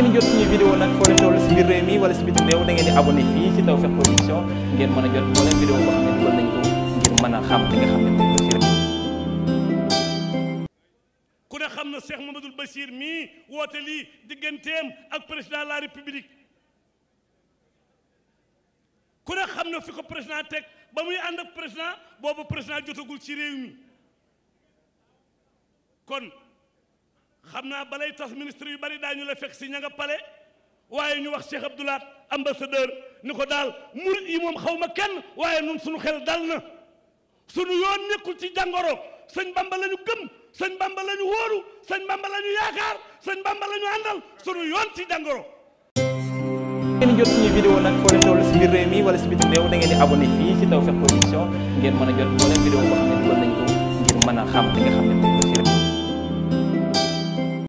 ngeen jot suñu vidéo nag foo leen toll si biir réew mi wala si biti réew da ngeen di abonné fii si Tawfekh Production ngeen mën a jot moo leen vidéo boo xam ne dugal nañ ko ngir mën a xam li nga xam ne moom la ku ne xam na Cheikh Mamadou Bachir mii woote lii digganteem ak président de la république ku ne xam na fi ko président teg ba muy ànd ak président boobu président jotagul ci réew mi kon xam naa balay tas ministre yu bari ñu la fekk si ña nga pale waaye ñu wax Cheikh Abdoulaat ambassadeur ni ko daal murit yi moom xaw ma kenn waaye nun suñu xel dal na suñu yoon nekkul ci jàngoro sëñ Bamba la ñu gëm sëñ Bamba la ñu wóoru sëñ Bamba la ñu yaakaar sëñ Bamba la ñu àndal suñu yoon ci jàngoro ngeen jot suñu vidéo nag foo leen toll si biir réew si biti réew da ngeen di abonné fii si Tawfekh Production ngeen mën a jot moo leen vidéo boo xam ne a xam li nga